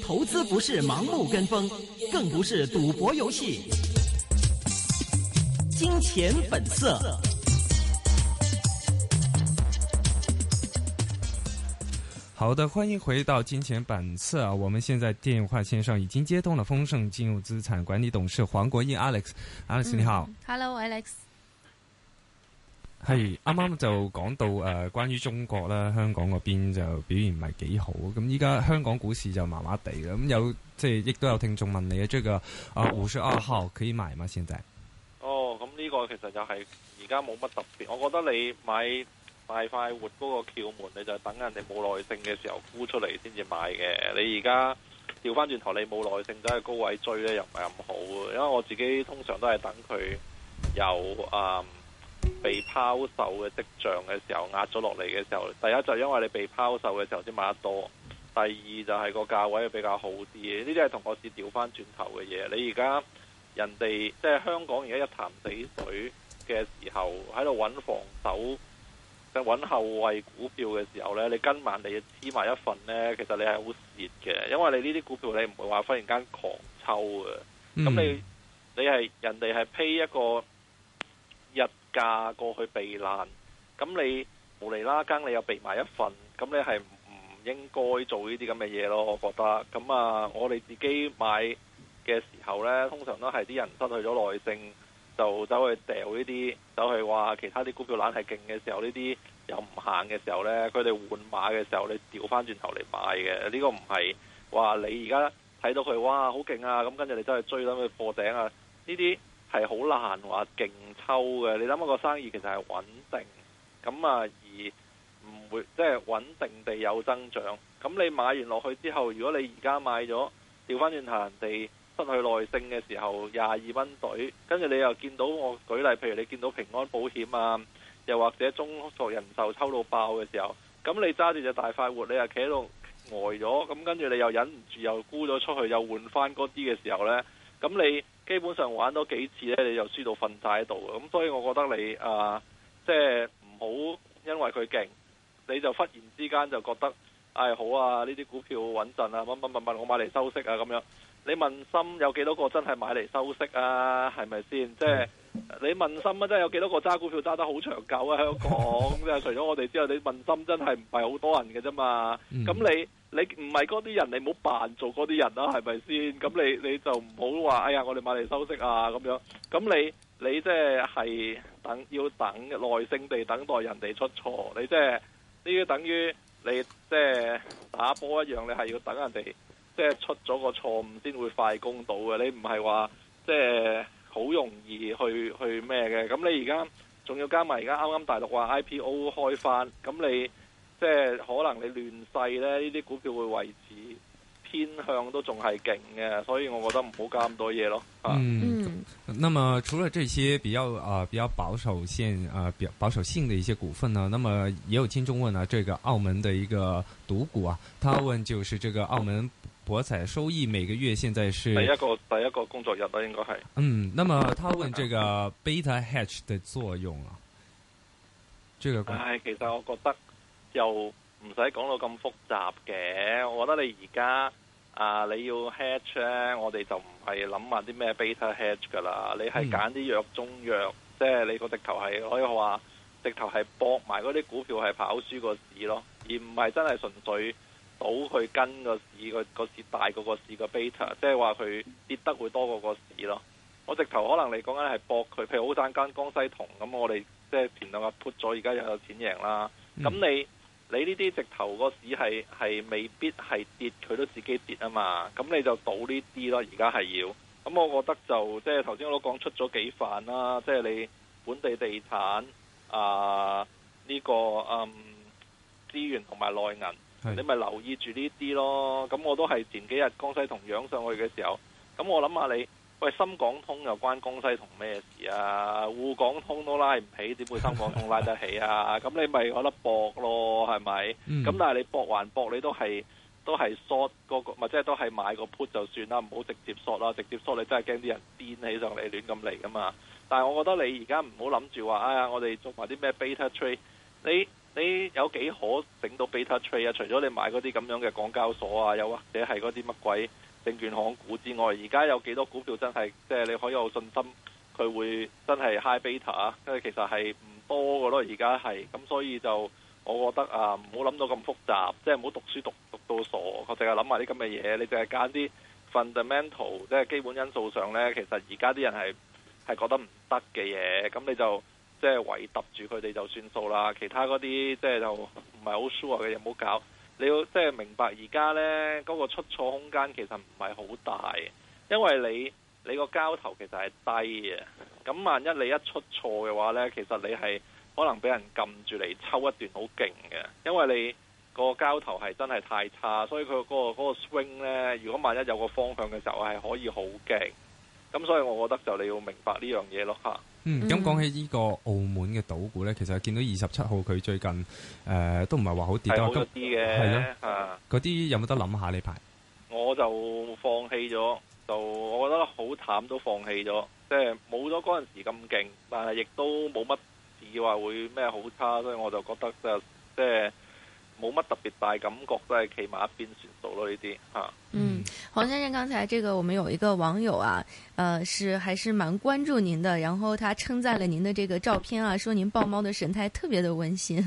投資不是盲目跟風，更不是賭博遊戲。金錢本色。好的，歡迎回到《金錢本色》啊。我們現在電話線上已經接通了豐盛金融資產管理董事黃國英 Alex，Alex 你好。Hello Alex。係啱啱就講到誒、呃，關於中國啦，香港嗰邊就表現唔係幾好。咁依家香港股市就麻麻地。咁有即係亦都有聽眾問你嘅，即係個啊胡說二號可以買嗎？現在？哦，咁呢個其實就係而家冇乜特別。我覺得你買大快活嗰個竅門，你就等人哋冇耐性嘅時候沽出嚟先至買嘅。你而家調翻轉頭，你冇耐性走去、就是、高位追咧，又唔係咁好。因為我自己通常都係等佢有誒。呃被拋售嘅跡象嘅時候，壓咗落嚟嘅時候，第一就係因為你被拋售嘅時候先買得多，第二就係個價位比較好啲。呢啲係同個市調翻轉頭嘅嘢。你而家人哋即係香港而家一潭死水嘅時候，喺度揾防守、揾後衞股票嘅時候呢，你跟埋你黐埋一份呢，其實你係好蝕嘅，因為你呢啲股票你唔會話忽然間狂抽嘅。咁、嗯、你你係人哋係披一個日。價過去避難，咁你無厘啦更，你又避埋一份，咁你係唔應該做呢啲咁嘅嘢咯。我覺得，咁啊，我哋自己買嘅時候呢，通常都係啲人失去咗耐性，就走去掉呢啲，走去話其他啲股票懶係勁嘅時候，呢啲又唔行嘅時候呢，佢哋換馬嘅時候，你調翻轉頭嚟買嘅，呢個唔係話你而家睇到佢哇好勁啊，咁跟住你都係追到去破頂啊，呢啲。係好難話勁抽嘅，你諗下個生意其實係穩定，咁啊而唔會即係穩定地有增長。咁你買完落去之後，如果你而家買咗，調翻轉頭人哋失去耐性嘅時候，廿二蚊隊，跟住你又見到我舉例，譬如你見到平安保險啊，又或者中國人壽抽到爆嘅時候，咁你揸住隻大快活，你又企喺度呆咗，咁跟住你又忍唔住又沽咗出去，又換翻嗰啲嘅時候呢，咁你。基本上玩多幾次呢，你就輸到瞓晒喺度。咁所以我覺得你啊，即係唔好因為佢勁，你就忽然之間就覺得，唉、哎，好啊，呢啲股票穩陣啊，乜乜乜乜，我買嚟收息啊咁樣。你問心有幾多個真係買嚟收息啊？係咪先？即係你問心啊，真係有幾多個揸股票揸得好長久啊？香港即係 除咗我哋之外，你問心真係唔係好多人嘅啫嘛。咁你。嗯你唔係嗰啲人，你冇扮做嗰啲人啦，係咪先？咁你你就唔好話，哎呀，我哋買嚟收息啊咁樣。咁你你即係係等，要等耐性地等待人哋出錯。你即係呢啲等於你即係打波一樣，你係要等人哋即係出咗個錯誤先會快攻到嘅。你唔係話即係好容易去去咩嘅？咁你而家仲要加埋而家啱啱大陸話 IPO 開返，咁你。即係可能你亂世咧，呢啲股票會維持偏向都仲係勁嘅，所以我覺得唔好加咁多嘢咯，嗯。嗯。那麼除了這些比較啊，呃、比較保守性啊保，呃、保守性的一些股份呢？那麼也有聽眾問啊，這個澳門的一個賭股啊，他問就是這個澳門博彩收益每個月現在是第一個第一個工作日啦，啊，應該係。嗯。那麼他問這個 beta hedge 的作用啊？這個唉，哎，其實我覺得。又唔使講到咁複雜嘅，我覺得你而家啊，你要 hedge 咧，我哋就唔係諗埋啲咩 beta hedge 噶啦，你係揀啲藥中藥，即係你個直頭係可以話直頭係博埋嗰啲股票係跑輸個市咯，而唔係真係純粹倒佢跟個市個個市大過個市個 beta，即係話佢跌得會多過個市咯。我直頭可能你講緊係博佢，譬如好賺間江西銅咁，我哋即係前兩日 put 咗，而家又有錢贏啦。咁，嗯，你你呢啲直頭個市係係未必係跌，佢都自己跌啊嘛，咁你就賭呢啲咯。而家係要，咁我覺得就即係頭先我都講出咗幾範啦、啊，即係你本地地產啊，呢個嗯資源同埋內銀，是你咪留意住呢啲咯。咁我都係前幾日江西同樣上去嘅時候，咁我諗下你。喂，深港通又關江西同咩事啊？滬港通都拉唔起，點會深港通拉得起啊？咁 你咪覺得搏咯，係咪？咁、嗯、但係你搏還搏，你都係都係 short、個個，咪即係都係買個 put 就算啦，唔好直接 short 啦，直接 short 你真係驚啲人癲起上嚟亂咁嚟噶嘛。但係我覺得你而家唔好諗住話，哎呀，我哋做埋啲咩 beta trade？你你有幾可整到 beta trade 啊？除咗你買嗰啲咁樣嘅港交所啊，又或者係嗰啲乜鬼？證券行股之外，而家有幾多股票真係即係你可以有信心佢會真係 high beta 啊？因為其實係唔多㗎咯，而家係咁，所以就我覺得啊，唔好諗到咁複雜，即係唔好讀書讀讀到傻，我淨係諗埋啲咁嘅嘢，你淨係揀啲 fundamental，即係基本因素上呢，其實而家啲人係係覺得唔得嘅嘢，咁你就即係圍揼住佢哋就算數啦。其他嗰啲即係就唔係好 sure 嘅嘢，唔好搞。你要即係明白而家咧，嗰個出錯空間其實唔係好大，因為你你個交頭其實係低嘅，咁萬一你一出錯嘅話咧，其實你係可能俾人撳住嚟抽一段好勁嘅，因為你個交頭係真係太差，所以佢嗰個嗰個 swing 咧，如果萬一有個方向嘅時候係可以好勁。咁所以我覺得就你要明白呢樣嘢咯嚇。嗯，咁、嗯、講起呢個澳門嘅賭股咧，其實見到二十七號佢最近誒、呃、都唔係話好跌，好咗啲嘅嗰啲有冇得諗下呢排？我就放棄咗，就我覺得好淡都放棄咗，即係冇咗嗰陣時咁勁，但係亦都冇乜事話會咩好差，所以我就覺得就即、係、係。就係冇乜特別大感覺，都係企埋一邊算數咯。呢啲嚇。嗯，黃先生，剛才這個我們有一個網友啊，呃，是還是蠻關注您的，然後他稱讚了您的這個照片啊，說您抱貓的神態特別的溫馨。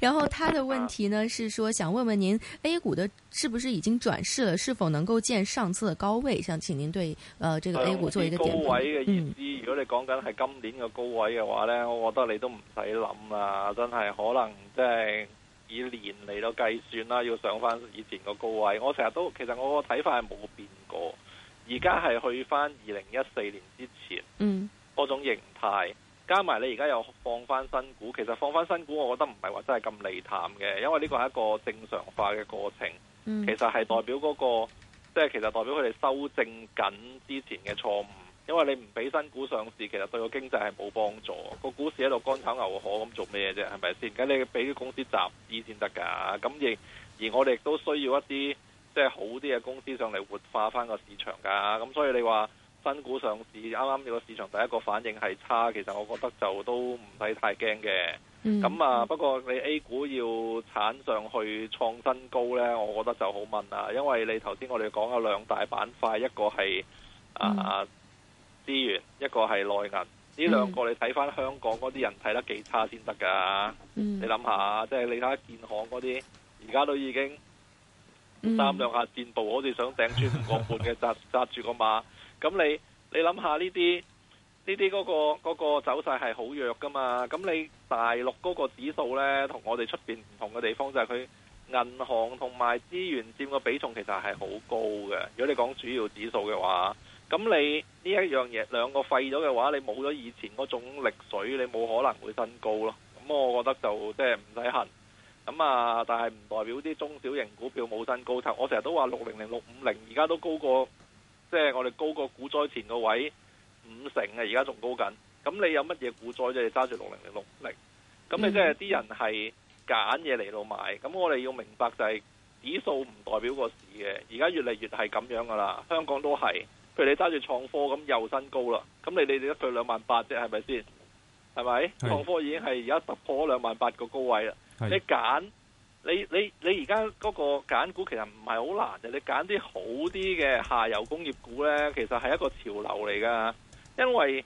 然後他的問題呢，是說想問問您，A 股的是不是已經轉勢了？是否能夠見上次的高位？想請您對，呃，這個 A 股做一個一高位嘅意思、嗯，如果你講緊係今年嘅高位嘅話呢，我覺得你都唔使諗啊，真係可能即係。以年嚟到計算啦，要上翻以前個高位。我成日都其實我個睇法係冇變過，而家係去翻二零一四年之前嗰、嗯、種形態，加埋你而家又放翻新股，其實放翻新股我覺得唔係話真係咁利淡嘅，因為呢個係一個正常化嘅過程，嗯、其實係代表嗰、嗰個即係、即係、其實代表佢哋修正緊之前嘅錯誤。因為你唔俾新股上市，其實對個經濟係冇幫助。個股市喺度乾炒牛河咁做咩啫？係咪先？咁你俾啲公司集資先得噶。咁亦而，而我哋都需要一啲即係好啲嘅公司上嚟活化翻個市場噶。咁所以你話新股上市啱啱呢個市場第一個反應係差，其實我覺得就都唔使太驚嘅。咁、嗯、啊、嗯，不過你 A 股要產上去創新高呢，我覺得就好問啦、啊。因為你頭先我哋講啊，兩大板塊，一個係啊。嗯資源一個係內銀，呢兩個你睇翻香港嗰啲人睇得幾差先得㗎？你諗下，即係你睇下建行嗰啲，而家都已經三兩、嗯、下戰步，好似想頂穿個半嘅紮扎住個馬。咁你你諗下呢啲呢啲嗰個嗰個走勢係好弱㗎嘛？咁你大陸嗰個指數呢，同我哋出邊唔同嘅地方就係佢銀行同埋資源佔個比重其實係好高嘅。如果你講主要指數嘅話，咁你呢一樣嘢兩個廢咗嘅話，你冇咗以前嗰種力水，你冇可能會新高咯。咁我覺得就即係唔使恨咁啊。但係唔代表啲中小型股票冇新高頭，我成日都話六零零六五零而家都高過，即係我哋高過股災前個位五成啊！而家仲高緊。咁你有乜嘢股災啫？揸住六零零六五零，咁你即係啲人係揀嘢嚟到買。咁我哋要明白就係指數唔代表個市嘅，而家越嚟越係咁樣噶啦，香港都係。譬如你揸住創科咁又新高啦，咁你你哋得佢兩萬八啫，係咪先？係咪創科已經係而家突破咗兩萬八個高位啦？你揀你你你而家嗰個揀股其實唔係好難嘅，你揀啲好啲嘅下游工業股呢，其實係一個潮流嚟噶，因為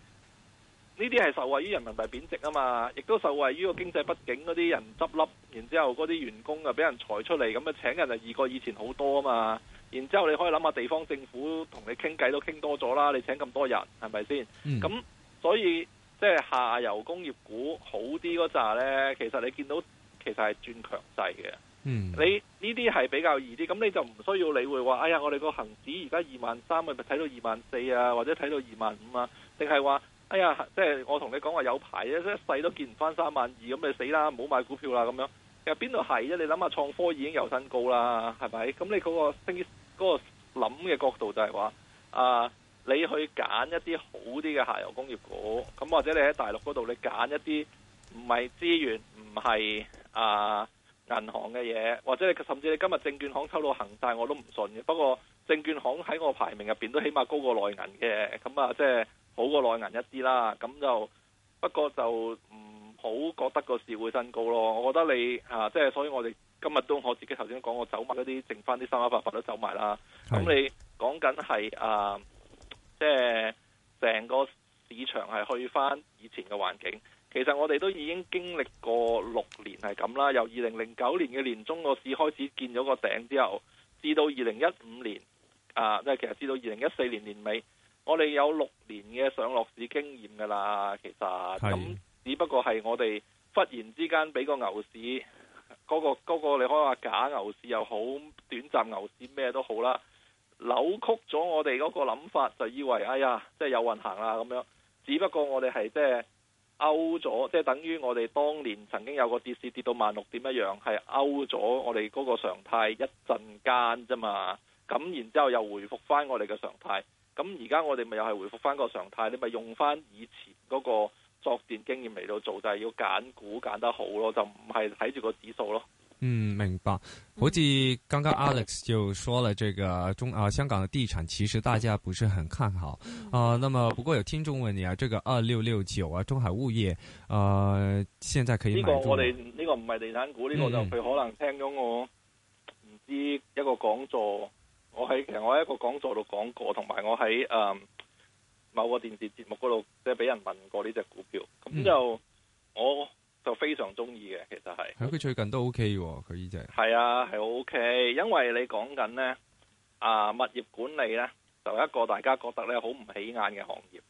呢啲係受惠於人民幣貶值啊嘛，亦都受惠於個經濟不景嗰啲人執笠，然後之後嗰啲員工啊俾人裁出嚟，咁啊請人就易過以前好多啊嘛。然之後你可以諗下地方政府同你傾偈都傾多咗啦，你請咁多人係咪先？咁、嗯、所以即係、就是、下游工業股好啲嗰陣呢？其實你見到其實係轉強勢嘅。你呢啲係比較易啲，咁你就唔需要理會話，哎呀，我哋個恆指而家二萬三，咪睇到二萬四啊，或者睇到二萬五啊，定係話，哎呀，即、就、係、是、我同你講話有排啊，一世都見唔翻三萬二咁，咪死啦，唔好買股票啦咁樣。其實邊度係啫？你諗下，創科已經有新高啦，係咪？咁你嗰個升嗰、那個諗嘅角度就係話，啊，你去揀一啲好啲嘅下游工業股，咁或者你喺大陸嗰度你揀一啲唔係資源、唔係啊銀行嘅嘢，或者你甚至你今日證券行抽到恒大我都唔信嘅。不過證券行喺我排名入邊都起碼高過內銀嘅，咁啊即係好過內銀一啲啦。咁就不過就唔好覺得個市會新高咯。我覺得你啊，即、就、係、是、所以我哋。今日都我自己頭先講過走埋嗰啲，剩翻啲三啊八份都走埋啦。咁你講緊係啊，即係成個市場係去翻以前嘅環境。其實我哋都已經經歷過六年係咁啦。由二零零九年嘅年中個市開始見咗個頂之後，至到二零一五年啊，即、呃、係其實至到二零一四年年尾，我哋有六年嘅上落市經驗㗎啦。其實咁，只不過係我哋忽然之間俾個牛市。嗰個嗰個，你可以話假牛市又好，短暫牛市咩都好啦，扭曲咗我哋嗰個諗法，就以為哎呀，即係有運行啦咁樣。只不過我哋係即係勾咗，即係等於我哋當年曾經有個跌市跌到萬六點一樣，係勾咗我哋嗰個常態一陣間啫嘛。咁然之後又回復翻我哋嘅常態。咁而家我哋咪又係回復翻個常態，你咪用翻以前嗰個。作戰經驗嚟到做就係要揀股揀得好咯，就唔係睇住個指數咯。嗯，明白。好似剛剛 Alex 就說了，這個中啊香港嘅地產其實大家不是很看好啊。那麼不過有聽眾問你啊，這個二六六九啊，中海物業啊，現在可以買，呢個我哋呢個唔係地產股，呢個就佢可能聽咗我唔知一個講座，我喺其實我喺一個講座度講過，同埋我喺誒。呃某個電視節目嗰度，即係俾人問過呢隻股票，咁就、嗯、我就非常中意嘅，其實係。佢最近都 OK 喎，佢呢隻。係啊，係 OK，因為你講緊咧，啊物業管理咧，就一個大家覺得咧好唔起眼嘅行業，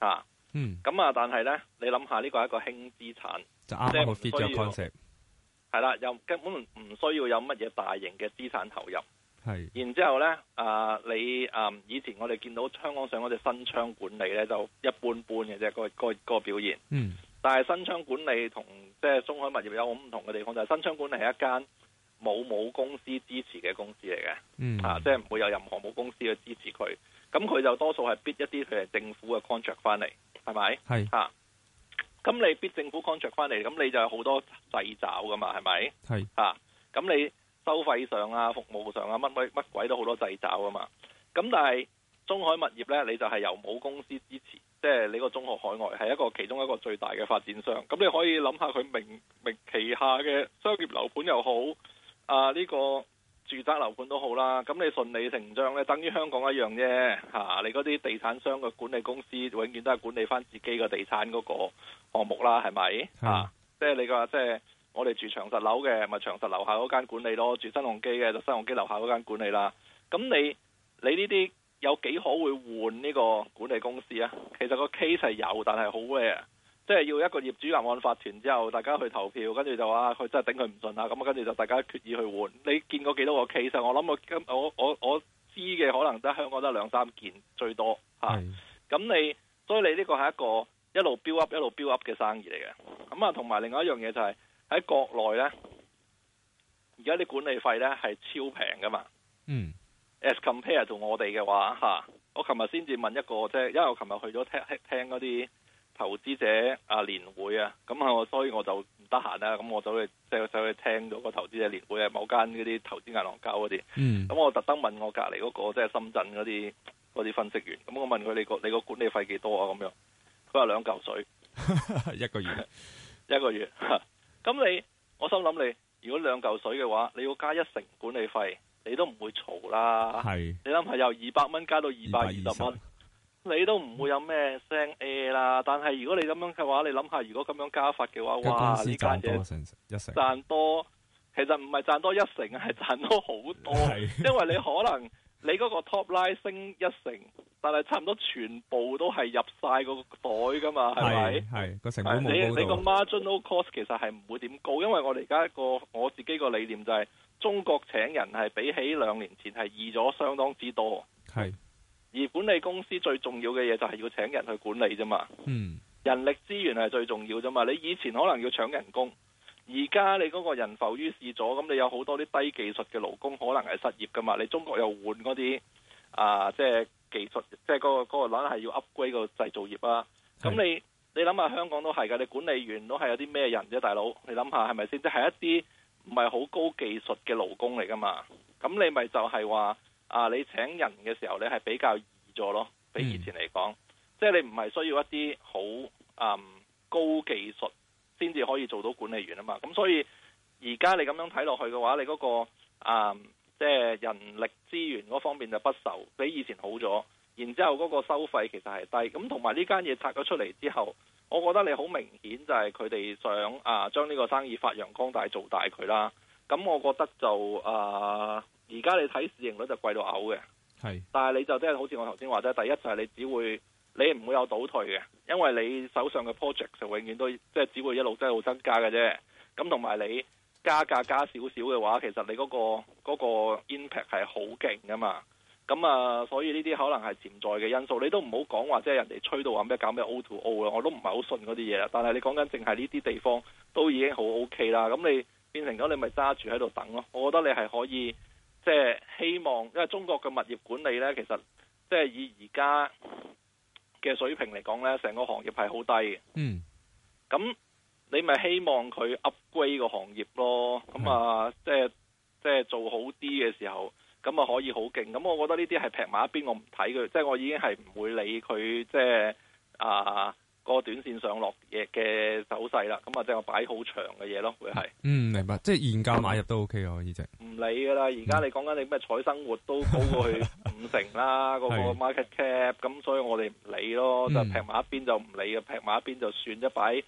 嚇、啊。嗯。咁啊，但係咧，你諗下呢、呢個係一個輕資產，就啱好 fit 咗 concept。係啦，又根本唔需要有乜嘢大型嘅資產投入。係，然之後咧、啊，你、嗯、以前我哋見到香港上嗰隻新昌管理咧，就一般般嘅啫，那個、那個那個表現。嗯。但係新昌管理同即係中海物業有好唔同嘅地方，就係、是、新昌管理係一間冇母，母公司支持嘅公司嚟嘅。嗯。即係唔會有任何母公司去支持佢，咁佢就多數係逼一啲佢係政府嘅 contract 翻嚟，係咪？咁、啊、你逼政府 contract 翻嚟，咁你就有好多掣肘㗎嘛，係咪？咁、啊、你？收費上啊，服務上啊，乜鬼乜鬼都好多掣肘噶嘛。咁但係中海物業呢，你就係由母公司支持，即、就、係、是、你個中海海外係一個其中一個最大嘅發展商。咁你可以諗下佢名明旗下嘅商業樓盤又好，啊呢、這個住宅樓盤都好啦。咁你順理成章呢，等於香港一樣啫。吓、啊，你嗰啲地產商嘅管理公司，永遠都係管理翻自己嘅地產嗰個項目啦，係咪啊？即、嗯、係、就是、你個即係。就是我哋住長實樓嘅，咪長實樓下嗰間管理咯；住新鴻基嘅就新鴻基樓下嗰間管理啦。咁你你呢啲有幾可會換呢個管理公司啊？其實個 case 係有，但係好 rare，即係要一個業主立案法團之後，大家去投票，跟住就話佢真係頂佢唔順啊。咁啊，跟住就大家決意去換。你見過幾多個 case？我諗我我我我知嘅可能得香港得兩三件最多吓。咁啊，你所以你呢個係一個一路 build up 一路 build up 嘅生意嚟嘅。咁啊，同埋另外一樣嘢就係、是。喺國內咧，而家啲管理費咧係超平㗎嘛。嗯、mm.。As compare 同我哋嘅話，嚇，我琴日先至問一個即係，因為我琴日去咗聽聽嗰啲投資者啊年會啊，咁啊，所以我就唔得閒啦。咁我走去就就去聽咗個投資者年會啊，某間嗰啲投資銀行交嗰啲。咁、mm. 我特登問我隔籬嗰個即係、就是、深圳嗰啲啲分析員，咁我問佢你個你個管理費幾多啊？咁樣，佢話兩嚿水， 一個月， 一個月。 咁你，我心諗你，如果兩嚿水嘅話，你要加一成管理費，你都唔會嘈啦。係，你諗下由二百蚊加到二百二十蚊，你都唔會有咩聲 A 啦。但係如果你咁樣嘅話，你諗下如果咁樣加法嘅話，哇呢間嘢賺多，其實唔係賺多一成，係賺多好多。因為你可能你嗰個 top line 升一成。但係差唔多全部都係入晒個袋噶嘛，係咪？係個成本你個個 marginal cost 其實係唔會點高，因為我哋而家個我自己個理念就係、是、中國請人係比起兩年前係易咗相當之多。係、嗯、而管理公司最重要嘅嘢就係要請人去管理啫嘛。嗯，人力資源係最重要啫嘛。你以前可能要搶人工，而家你嗰個人浮於事咗，咁你有好多啲低技術嘅勞工可能係失業噶嘛。你中國又換嗰啲啊，即係。技術即係嗰個嗰個欄係要 upgrade 個製造業啊！咁你你諗下香港都係㗎，你管理員都係有啲咩人啫，大佬？你諗下係咪先？即係一啲唔係好高技術嘅勞工嚟㗎嘛？咁你咪就係話啊，你請人嘅時候你係比較易咗咯，比以前嚟講，嗯，即係你唔係需要一啲好嗯高技術先至可以做到管理員啊嘛？咁所以而家你咁樣睇落去嘅話，你嗰個啊～嗯即係人力資源嗰方面就不愁，比以前好咗。然之後嗰個收費其實係低，咁同埋呢間嘢拆咗出嚟之後，我覺得你好明顯就係佢哋想啊將呢個生意發揚光大做大佢啦。咁我覺得就啊，而家你睇市盈率就貴到嘔嘅。係，但係你就即係好似我頭先話啫。第一就係你只會，你唔會有倒退嘅，因為你手上嘅 project 就永遠都即係只會一路，會一路，會一路增加嘅啫。咁同埋你。加價加少少嘅話，其實你嗰個嗰個 impact 係好勁噶嘛，咁啊，所以呢啲可能係潛在嘅因素。你都唔好講話，即係人哋吹到話咩搞咩 O to O 啦，我都唔係好信嗰啲嘢啦。但係你講緊淨係呢啲地方都已經好 OK 啦。咁你變成咗你咪揸住喺度等咯。我覺得你係可以，即係希望，因為中國嘅物業管理呢，其實即係以而家嘅水平嚟講呢，成個行業係好低嘅。嗯，咁。你咪希望佢 upgrade 個行業咯，咁啊，即係即係做好啲嘅時候，咁啊可以好勁。咁我覺得呢啲係撇埋一邊，我唔睇佢，即係我已經係唔會理佢，即係啊、個短線上落嘢嘅手勢啦。咁啊，即係我擺好長嘅嘢咯，會、嗯、係。嗯，明白。即係現價買入都 OK 啊，以、啊、只。唔理㗎啦，而、嗯、家你講緊你咩彩生活都高過去五成啦，個 個 market cap，咁所以我哋唔理咯，就撇埋一邊就唔理啊，撇埋一邊就算一擺。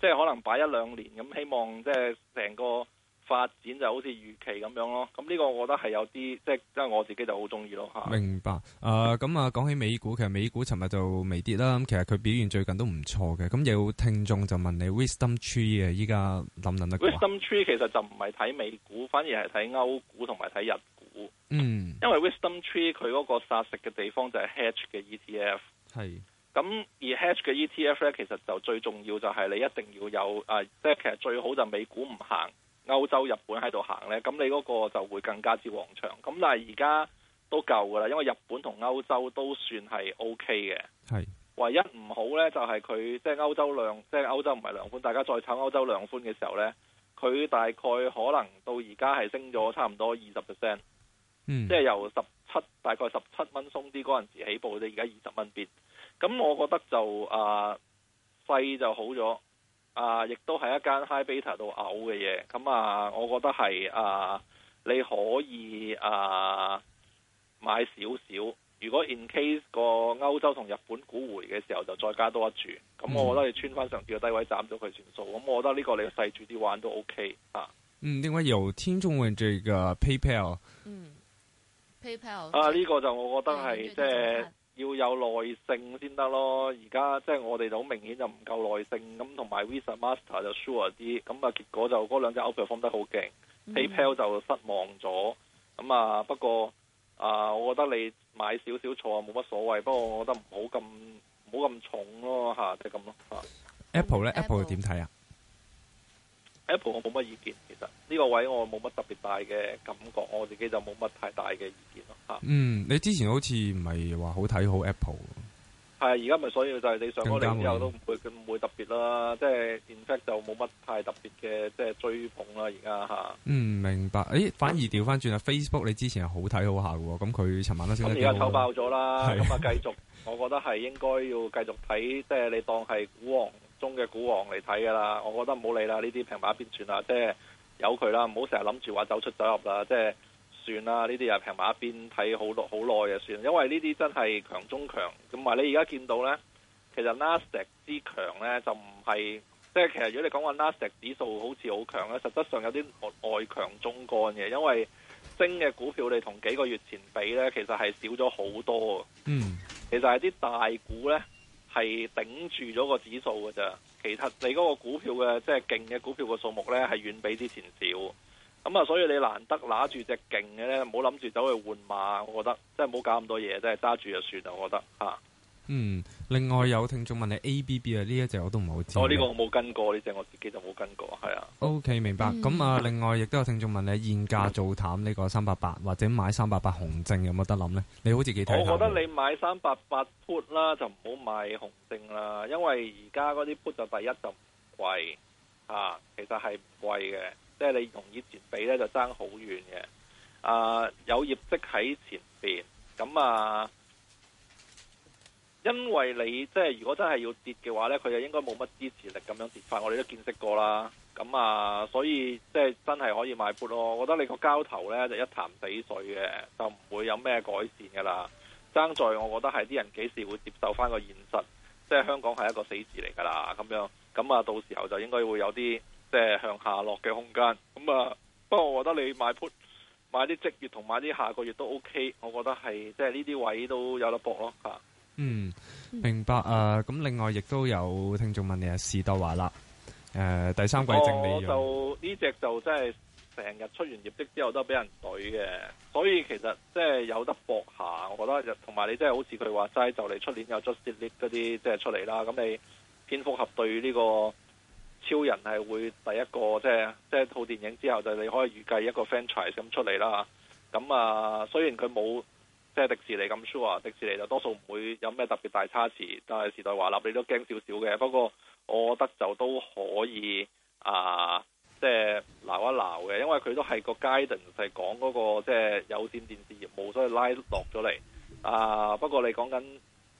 即係可能擺一兩年，咁希望即係成個發展就好似預期咁樣咯。咁呢個我覺得係有啲，即係即係我自己就好中意咯，吓。明白。誒，咁啊，講起美股，其實美股尋日就微跌啦。咁其實佢表現最近都唔錯嘅。咁有聽眾就問你 Wisdom Tree 啊，依家諗唔諗得？Wisdom Tree 其實就唔係睇美股，反而係睇歐股同埋睇日股。嗯。因為 Wisdom Tree 佢嗰個殺食嘅地方就係 Hedge 嘅 ETF。係。咁而 H 嘅 E.T.F 咧，其實就最重要就係你一定要有、呃、即係其實最好就美股唔行，歐洲、日本喺度行咧，咁你嗰個就會更加之旺場。咁但係而家都夠㗎喇，因為日本同歐洲都算係 O.K. 嘅。唯一唔好咧，就係、是、佢即係歐洲量，即係歐洲唔係量寬。大家再炒歐洲量寬嘅時候咧，佢大概可能到而家係升咗差唔多二十 percent，即係由十七大概十七蚊鬆啲嗰陣時起步，啫，而家二十蚊變。咁我覺得就啊，細就好咗啊，亦都係一間 high beta 到嘔嘅嘢。咁啊，我覺得係啊，你可以啊買少少。如果 in case 個歐洲同日本股回嘅時候，就再加多一注。咁、嗯、我覺得你穿翻上次嘅低位斬咗佢算數。咁我覺得呢個你細注啲玩都 OK 啊。嗯，另外有聽眾問這個 PayPal。嗯，PayPal 啊，呢、這個就我覺得係即係。要有耐性先得咯，而家即係我哋就好明顯就唔夠耐性，咁同埋 Visa、Master 就 sure 啲，咁啊結果就嗰兩隻 outperform 得好勁，PayPal 就失望咗，咁啊不過啊、呃，我覺得你買少少錯啊冇乜所謂，不過我覺得唔好咁，唔好咁重咯吓，即係咁咯。Apple 咧，Apple 點睇啊？Apple 我冇乜意見，其實呢個位我冇乜特別大嘅感覺，我自己就冇乜太大嘅意見咯嚇。嗯，你之前好似唔係話好睇好 Apple？係而家咪所以就係、是、你上咗嚟之後都唔會唔會特別啦，即、就、係、是、in fact 就冇乜太特別嘅即係追捧啦，而家嚇。嗯，明白。誒，反而調翻轉啊，Facebook 你之前係好睇好下嘅喎，咁佢尋晚咧先而家抽爆咗啦，咁啊繼續， 我覺得係應該要繼續睇，即、就、係、是、你當係股王中嘅股王嚟睇噶啦，我覺得唔好理啦，呢啲平埋一邊算啦，即係由佢啦，唔好成日諗住話走出走入啦，即係算啦，呢啲啊平埋一邊睇好耐好耐嘅算，因為呢啲真係強中強。咁同埋你而家見到呢，其實 Nasdaq 之強呢，就唔係，即係其實如果你講話 Nasdaq 指數好似好強呢，實質上有啲外強中乾嘅，因為升嘅股票你同幾個月前比呢，其實係少咗好多。嗯，其實係啲大股呢。係頂住咗個指數噶咋，其實你嗰個股票嘅，即係勁嘅股票嘅數目呢，係遠比之前少，咁啊所以你難得拿住隻勁嘅呢，唔好諗住走去換馬，我覺得即係唔好搞咁多嘢，即係揸住就算啦，我覺得吓。啊嗯，另外有聽眾問你 A B B 啊，呢一隻我都唔係好知道。哦，呢個我冇跟過，呢隻我自己就冇跟過，係啊。O、okay, K，明白。咁、嗯、啊，另外亦都有聽眾問你現價做淡呢個三八八或者買三八八紅證有冇得諗呢？你好自己睇。我覺得你買三八八 put 啦，就唔好買紅證啦，因為而家嗰啲 put 就第一就唔貴，吓、啊，其實係唔貴嘅，即、就、係、是、你同以前比咧就爭好遠嘅。啊，有業績喺前邊，咁啊。因為你即係，如果真係要跌嘅話呢，佢就應該冇乜支持力咁樣跌法。我哋都見識過啦，咁啊，所以即係真係可以買 put 咯。我覺得你個交頭呢，就一潭死水嘅，就唔會有咩改善噶啦。爭在我覺得係啲人幾時會接受翻個現實，即係香港係一個死字嚟噶啦咁樣。咁啊，到時候就應該會有啲即係向下落嘅空間。咁啊，不過我覺得你買 put 買啲即月同買啲下個月都 OK，我覺得係即係呢啲位都有得搏咯嚇。嗯、明白、嗯、啊！咁另外亦都有聽眾問你，啊士多華啦、呃，第三季正呢，我就呢隻就真係成日出完業績之後都俾人懟嘅，所以其實即係、就是、有得搏下，我覺得，同埋你真係好似佢話齋就嚟出年有咗系列嗰啲即係出嚟啦，咁你蝙蝠俠對呢個超人係會第一個即係即係套電影之後就是、你可以預計一個 franchise 咁出嚟啦。咁啊，雖然佢冇。即係迪士尼咁 sure，迪士尼就多數唔會有咩特別大差池，但係時代華納你都驚少少嘅。不過我覺得就都可以啊、呃，即係鬧一鬧嘅，因為佢都係個 guidance，係講嗰個即係有線電視業務，所以拉落咗嚟啊。不過你講緊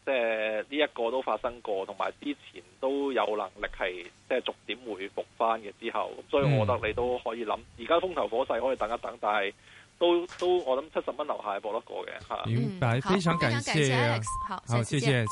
即係呢一個都發生過，同埋之前都有能力係即係逐點回復翻嘅之後，所以我覺得你都可以諗。而家風頭火勢可以等一等，但係。都都，我諗七十蚊樓下係搏得過嘅吓。明白、嗯，非，非常感謝，謝，謝啊、Alex！好，好，謝謝。